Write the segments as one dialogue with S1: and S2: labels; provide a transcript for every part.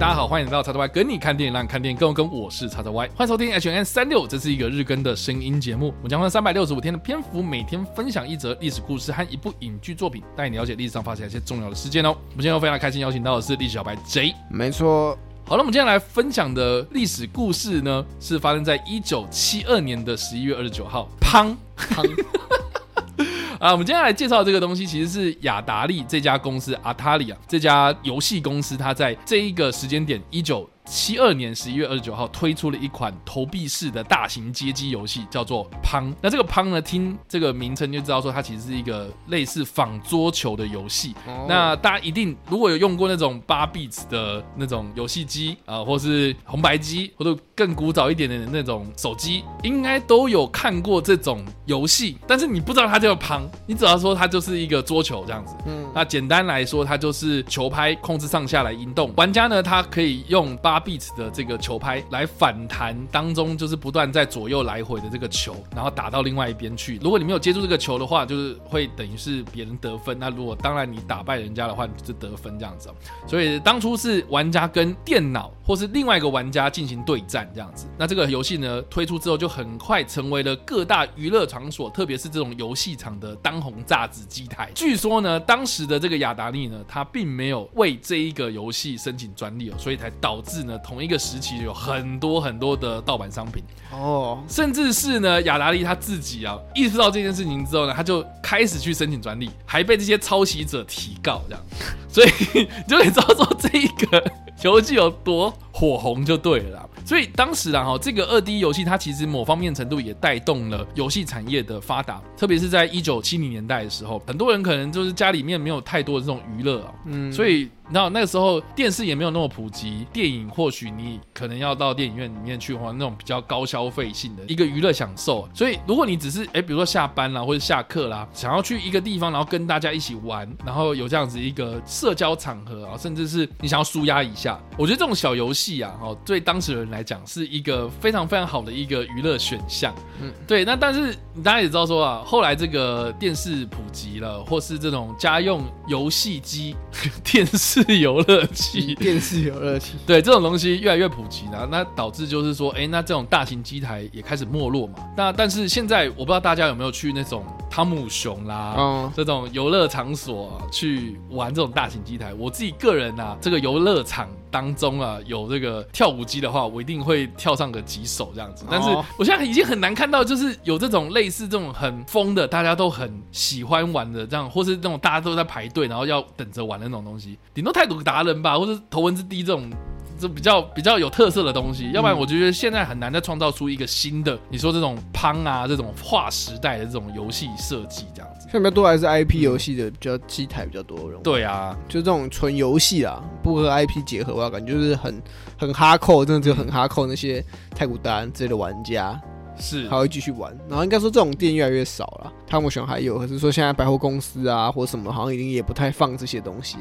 S1: 大家好，歡迎來到 XXY 跟你看電影，讓你看電影更跟。我是 XXY，歡迎收聽 H&M 365，365, 這是一個日更的聲音節目。我們將用三百六十五天的篇幅，每天分享一則歷史故事和一部影劇作品，帶你了解歷史上發生一些重要的事件哦。我們今天非常開心邀請到的是歷史小白 J。沒錯。好了，我們今天來分享的歷史故事呢，是發生在一九七二年的十一月二十九號。乓！湯 啊，我們接下來介紹這個東西，其實是雅達利這家公司，阿塔里啊這家遊戲公司，它在這一個時間點19，一九。七二年十一月二十九號推出了一款投幣式的大型街機遊戲，叫做《乓》。那這個《乓》呢，聽這個名稱就知道說它其實是一個類似仿桌球的遊戲。那大家一定如果有用過那種八 bit 的那種遊戲機啊、呃，或是紅白機，或者更古早一點點的那種手機，應該都有看過這種遊戲。但是你不知道它叫做《乓》，你只要說它就是一個桌球這樣子。嗯，那簡單來說，它就是球拍控制上下來移動，玩家呢，他可以用。八發幣的這個球拍來反彈當中，就是不斷在左右來回的這個球，然後打到另外一邊去。如果你沒有接住這個球的話，就是會等於是別人得分。那如果當然你打敗人家的話，你就得分這樣子。所以當初是玩家跟電腦或是另外一個玩家進行對戰這樣子。那這個遊戲呢，推出之後，就很快成為了各大娛樂場所，特別是這種遊戲場的當紅炸子機台。據說呢，當時的這個雅達利呢，它並沒有為這一個遊戲申請專利哦，所以才導致。同一個時期有很多很多的盜版商品哦，甚至是呢，雅達利他自己啊意識到這件事情之後呢，他就開始去申請專利，還被這些抄襲者提告這樣，所以你就得知道說這一個遊戲有多火紅就對了啦，所以當時啊哈，這個二 D 遊戲它其實某方面程度也帶動了遊戲產業的發達，特別是在一九七零年代的時候，很多人可能就是家裡面沒有太多的這種娛樂啊，嗯，所以。然後那個時候電視也沒有那麼普及，電影或許你可能要到電影院裡面去玩那種比較高消費性的一個娛樂享受。所以如果你只是哎，比如說下班啦或者下課啦，想要去一個地方，然後跟大家一起玩，然後有這樣子一個社交場合啊，甚至是你想要舒壓一下，我覺得這種小遊戲啊，哈、哦，對當時的人來講是一個非常非常好的一個娛樂選項。嗯，對。那但是大家也知道說啊，後來這個電視普及了，或是這種家用遊戲機電視。是遊樂器，電視遊樂器 對，對，這種東西越來越普及了，那導致就是說，哎、欸，那這種大型機台也開始沒落嘛。那但是現在我不知道大家有沒有去那種湯姆熊啦，嗯、這種遊樂場所、啊、去玩這種大型機台。我自己個人啊，這個遊樂場。當中啊，有這個跳舞機的話，我一定會跳上個幾首這樣子。但是我現在已經很難看到，就是有這種類似這種很瘋的，大家都很喜歡玩的這樣，或是那種大家都在排隊然後要等着玩的那種東西，頂多太鼓達人吧，或者頭文字 D 這種。就比較比較有特色的東西，要不然我覺得現在很難再創造出一個新的。嗯、你說這種“乓”啊，這種劃時代的這種遊戲設計這樣
S2: 子，像比較多還是 IP 遊戲的比較、嗯、機台比較多，對啊，就這種純遊戲啊，不和 IP 結合，我感覺就是很很哈扣，真的就很哈扣，那些太古丹之類的玩家是還會繼續玩。然後應該說這種店越來越少了，湯姆熊還有，可是說現在百貨公司啊或什麼好像已經也不太放這些東西。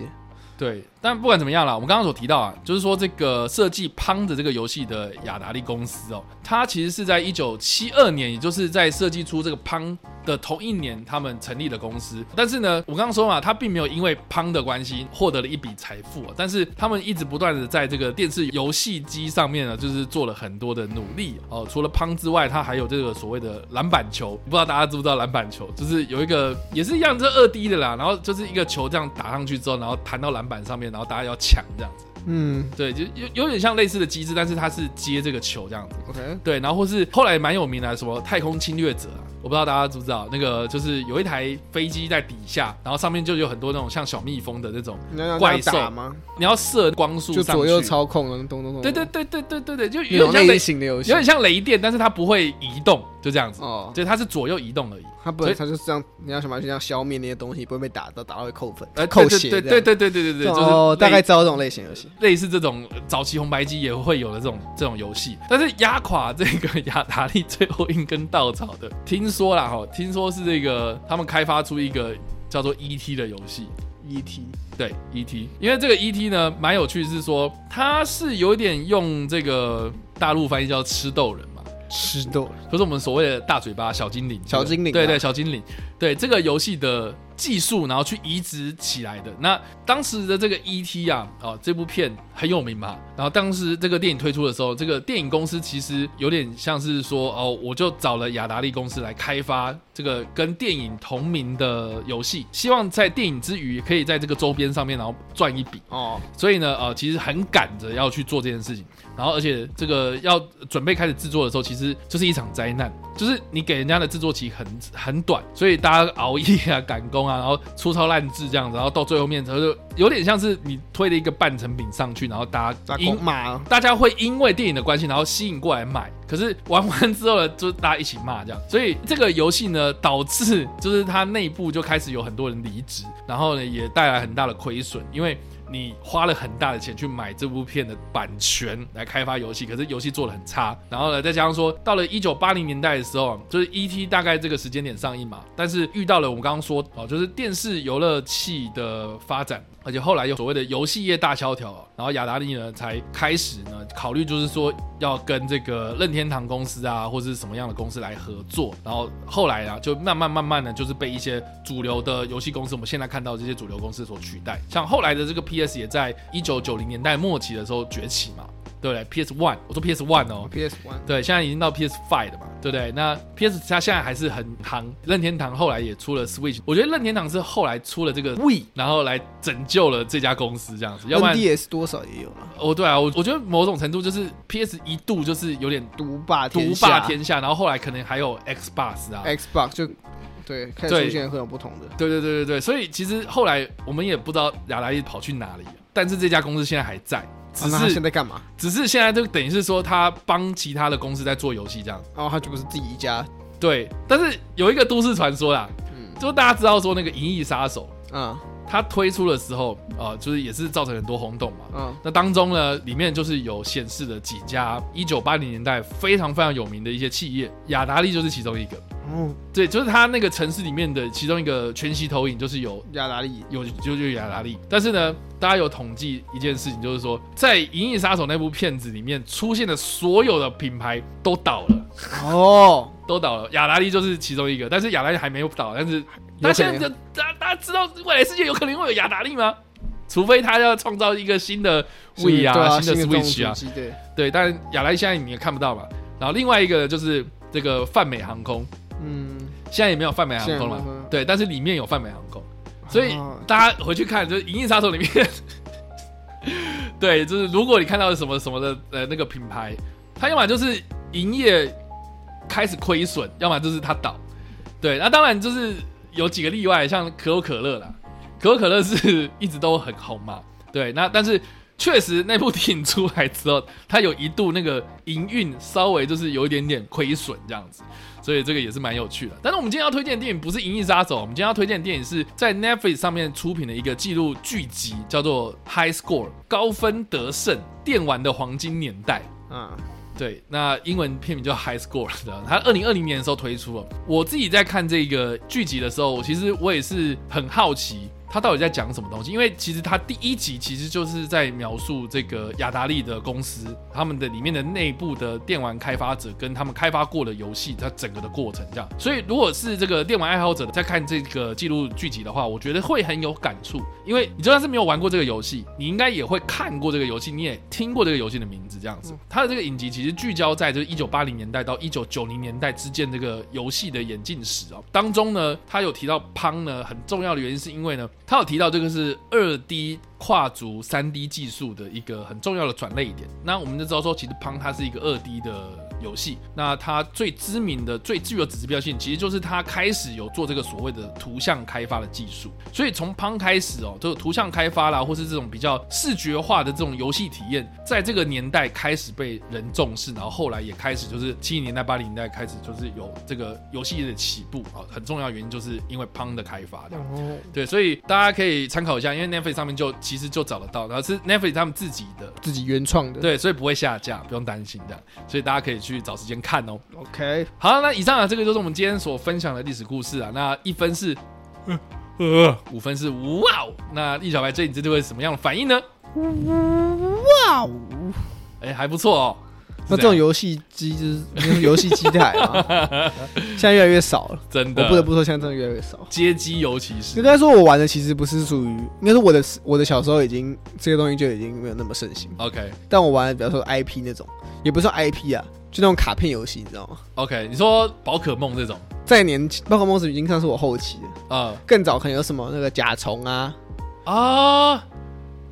S1: 對，但不管怎麼樣啦，我們剛剛所提到啊，就是說這個設計 Pong 的這個遊戲的雅達利公司哦，它其實是在一九七二年，也就是在設計出這個 Pong。的同一年，他們成立了公司。但是呢，我剛剛說嘛，他並沒有因為乓的關係獲得了一筆財富啊。但是他們一直不斷的在這個電視遊戲機上面呢，就是做了很多的努力哦。除了乓之外，他還有這個所謂的籃板球。不知道大家知不知道籃板球？就是有一個也是一樣，這 2D 的啦。然後就是一個球這樣打上去之後，然後彈到籃板上面，然後大家要搶這樣子。嗯，對，就有有點像類似的機制，但是他是接這個球這樣子。對，然後或是後來蠻有名的什麼太空侵略者啊。我不知道大家知不知道，那個就是有一台飛機在底下，然後上面就有很多那種像小蜜蜂的那種怪獸嗎？你要射光速就左右操控，咚咚咚、咚。對對對對對對對，
S2: 就有點像雷，類型的遊戲，有點
S1: 像雷電，但是它不會移動。就這樣子哦，對，它是左右移動
S2: 而已，它不會，它以就這樣，你要什麼就像消滅那些東西，不會被打到，打到會扣分，扣血，對對,對對對對對對對，哦、就是大概知道這種類型遊戲，
S1: 類似這種早期紅白機也會有的這種這種遊戲。但是壓垮這個雅達利最後一根稻草的，聽說啦吼，聽說是這個他們開發出一個叫做 ET E T 的遊戲，E T，對 E T，因為這個 E T 呢，蠻有趣，是說它是有點用這個大陸翻譯叫吃豆人。吃豆，就是我們所謂的大嘴巴小精靈，小精靈，對，小精靈啊，對，對對，小精靈，對這個遊戲的技術，然後去移植起來的。那當時的這個 ET 啊，哦、呃，這部片很有名嘛。然後當時這個電影推出的時候，這個電影公司其實有點像是說，哦、呃，我就找了雅達利公司來開發這個跟電影同名的遊戲，希望在電影之餘可以在這個周邊上面然後賺一筆哦。所以呢，呃，其實很趕着要去做這件事情。然後，而且這個要準備開始制作的時候，其實就是一場災難，就是你給人家的制作期很很短，所以大家熬夜啊、趕工啊，然後粗糙爛製這樣子，然後到最後面，然後就有點像是你推了一個半成品上去，然後大家罵，大家會因為電影的關係，然後吸引過來買，可是玩完之後呢就是大家一起罵這樣，所以這個遊戲呢，導致就是它內部就開始有很多人離職，然後呢也帶來很大的虧損，因為。你花了很大的錢去買這部片的版權來開發遊戲，可是遊戲做的很差。然後呢，再加上說，到了一九八零年代的時候，就是 E.T. 大概這個時間點上映嘛，但是遇到了我們剛剛說哦，就是電視遊樂器的發展，而且後來有所謂的遊戲業大蕭條，然後雅達利呢才開始呢考慮，就是說要跟這個任天堂公司啊，或者是什麼樣的公司來合作。然後後來啊，就慢慢慢慢的，就是被一些主流的遊戲公司，我們現在看到這些主流公司所取代。像後來的這個 P。PS 也在一九九零年代末期的時候崛起嘛，對不對？PS One，我說 PS One 哦，PS One，對，現在已經到 PS Five 了嘛，對不對？那 PS 它現在還是很夯。任天堂後來也出了 Switch，我覺得任天堂是後來出了這個 Wii，然後來拯救了這家公司這樣子，要不然 DS
S2: 多少也有
S1: 啊。哦，對啊，我我覺得某種程度就是 PS 一度就是有點獨霸獨霸天下，然後後來可能還有 Xbox 啊，Xbox 就。
S2: 對，開始出現很有不同的。
S1: 對對對對對，所以其實後來我們也不知道雅達利跑去哪裡、啊，但是這家公司現在還在，只是、啊、現在幹嘛？只是現在就等於是說他幫其他的公司在做遊戲這樣。哦，他就不是第一家。對，但是有一個都市傳說啦，嗯，就大家知道說那個《銀翼殺手》啊、嗯，他推出的時候啊、呃，就是也是造成很多轟動嘛。嗯。那當中呢，裡面就是有顯示了幾家一九八零年代非常非常有名的一些企業，雅達利就是其中一個。嗯，對，就是他那個城市裡面的其中一個全息投影，就是有雅達利，有就就有雅達利。但是呢，大家有統計一件事情，就是說在《銀翼殺手》那部片子裡面出現的所有的品牌都倒
S2: 了哦，
S1: 都倒了。雅達利就是其中一個，但是雅達利還沒有倒。但是大家就大 Okay. 大家知道未來世界有可能會有雅達利嗎？除非他要創造一個新的 Wii 啊新的 Switch 啊，Sw 啊對對。但雅達利現在你也看不到嘛。然後另外一個就是這個泛美航空。嗯，現在也沒有泛美航空了，的對，但是裡面有泛美航空，所以大家回去看就是《銀翼殺手》裡面， 對，就是如果你看到什麼什麼的呃那個品牌，它要麼就是營業開始虧損，要麼就是它倒，對，那當然就是有幾個例外，像可口可樂啦。可口可樂是一直都很紅嘛，對，那但是。確實，那部電影出來之後，它有一度那個營運稍微就是有一點點虧損這樣子，所以這個也是蠻有趣的。但是我們今天要推薦的電影不是《銀翼殺手》，我們今天要推薦的電影是在 Netflix 上面出品的一個紀錄劇集，叫做《High Score》高分得勝，電玩的黃金年代。嗯，對，那英文片名叫 High Score，它二零二零年的時候推出了。我自己在看這個劇集的時候，我其實我也是很好奇。他到底在講什麼東西？因為其實他第一集其實就是在描述這個雅達利的公司，他們的裡面的內部的電玩開發者跟他們開發過的遊戲，它整個的過程這樣。所以如果是這個電玩愛好者在看這個紀錄劇集的話，我覺得會很有感觸。因為你就算是沒有玩過這個遊戲，你應該也會看過這個遊戲，你也聽過這個遊戲的名字這樣子。他的這個影集其實聚焦在就是一九八零年代到一九九零年代之間這個遊戲的演進史啊。當中呢，他有提到乓呢，很重要的原因是因為呢。他有提到這個是二 D 跨足三 D 技術的一個很重要的轉捩點。那我們就知道說，其實 Pong 它是一個二 D 的。遊戲，那它最知名的，最具有指標性，其實就是它開始有做這個所謂的圖像開發的技術。所以從 Pong 開始哦，喔，就圖像開發啦，或是這種比較視覺化的這種遊戲體驗，在這個年代開始被人重視，然後後來也開始就是七零年代，八零年代開始就是有這個遊戲的起步啊。很重要原因就是因為 Pong 的開發哦，後對，所以大家可以參考一下，因為 Netflix 上面就其實就找得到，然後是 Netflix 他們自己的，
S2: 自己原創的，對，
S1: 所以不會下架，不用擔心的，所以大家可以去。去找時間看哦。OK，好，那以上啊，這個就是我們今天所分享的歷史故事啊。那一分是呃五、嗯嗯、分是哇哦，那易小白這一次就會是什麼樣的反應呢？
S2: 哇哦，哎、
S1: 欸、還不錯哦。那這種
S2: 遊戲機就是遊戲機台啊， 現在越來越少了，真的，我不得不說，現在真的越來越少。街機尤其是，應該說我玩的其實不是屬於，應該是我的我的小時候已經這些、個、東西就已經沒有那麼盛行。OK，但我玩，的比方說 IP 那種，也不是 IP 啊。就那種卡片遊戲，你知道嗎？OK，你說寶可夢這種，在年寶可夢是已經算是我後期了。啊，uh, 更早可能有什麼那個甲蟲啊，啊，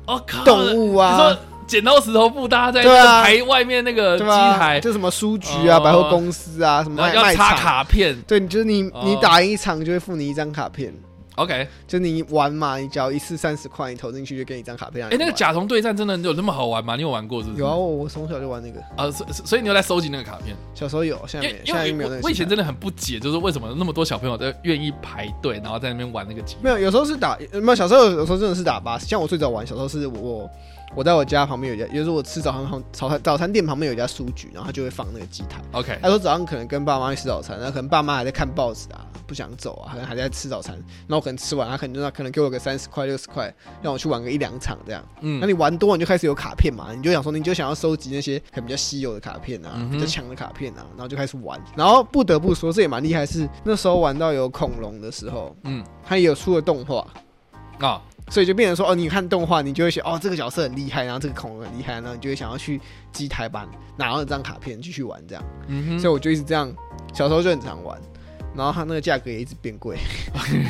S1: 哦，動物啊，你說剪刀石頭布搭在台、啊、外面那個機台、啊，
S2: 就什麼書局啊、uh, 百貨公司啊，什麼賣，要插卡片，對，你就是你你打贏一場就會付你一張卡片。OK，就你玩嘛，你只要一次三十塊，你投進去就給你一張卡片。哎、欸，那個
S1: 甲蟲對戰真的有那麼好玩嗎？你有玩過是不是？有啊，我從小就玩那個啊，所以，所以你又在收集那個卡片、嗯。
S2: 小時候有，現在沒有，現在沒有。我以前真
S1: 的很不解，就是為什麼那麼多小朋友都願意排隊，然後在那邊玩那個。
S2: 沒有，有時候是打，沒有。小時候有，有時候真的是打吧，像我最早玩，小時候是我。我我在我家旁邊有一家，有時候我吃早餐早餐早餐店旁邊有一家書局，然後他就會放那個機台。OK，他說早上可能跟爸媽去吃早餐，然後可能爸媽還在看報紙啊，不想走啊，好像還在吃早餐。然後我可能吃完，他可能那可能給我個三十塊、六十塊，讓我去玩個一兩場這樣。嗯，那你玩多了，你就開始有卡片嘛，你就想說，你就想要收集那些很比較稀有的卡片啊，嗯、哼比較強的卡片啊，然後就開始玩。然後不得不說，這也蠻厲害是，是那時候玩到有恐龍的時候，嗯，他也有出了動畫啊。哦所以就變成說哦，你看動畫，你就會想，哦，這個角色很厲害，然後這個恐龍很厲害，然後你就會想要去機台版拿到一張卡片繼續玩這樣。嗯、哼所以我就一直這樣，小時候就很常玩，然後它那個價格也一直變貴，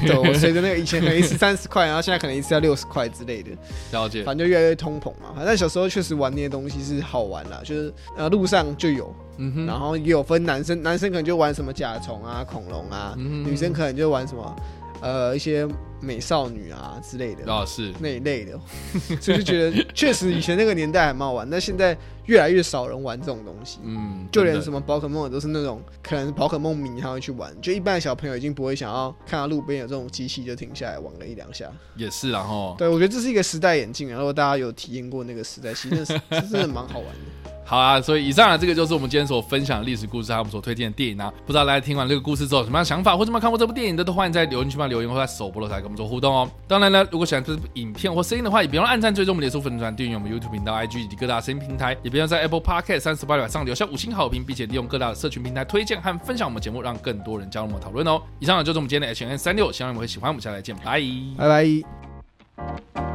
S2: 對，我隨着那個以前可能一次三十塊，然後現在可能一次要六十塊之類的。了解反正就越來越通膨嘛，反正小時候確實玩那些東西是好玩啦，就是呃路上就有，嗯、哼然後也有分男生，男生可能就玩什麼甲蟲啊、恐龍啊，嗯、哼女生可能就玩什麼呃一些。美少女啊之類的，啊是那一類的，哦，是 所以就覺得確實以前那個年代還蠻好玩， 但現在越來越少人玩這種東西，嗯，就連什麼寶可夢都是那種，可能是寶可夢迷他會去玩，就一般的小朋友已經不會想要看到路邊有這種機器就停下來玩了一兩下，
S1: 也是，啊，然後
S2: 對，我覺得這是一個時代眼鏡，然後大家有體驗過那個時代，其實真的蠻好玩的。
S1: 好啊，所以以上啊，這個就是我們今天所分享的歷史故事，還有我們所推薦的電影啊，不知道大家聽完這個故事之後有什麼樣想法，或者怎麼看過這部電影的，都歡迎在留言區幫留言，或者在首播的時候。我們做互動哦。當然了，如果喜歡這部影片或聲音的話，也不用按讚、追蹤我們的臉書粉絲團，訂閱我們 YouTube 頻道、IG 以及各大聲音平台，也不用在 Apple Podcast 三十八點上留下五星好評，並且利用各大社群平台推薦和分享我們節目，讓更多人加入我們討論哦。以上呢，就是我們今天的 H&M 365，希望你們會喜歡。我們下次再見，拜
S2: 拜。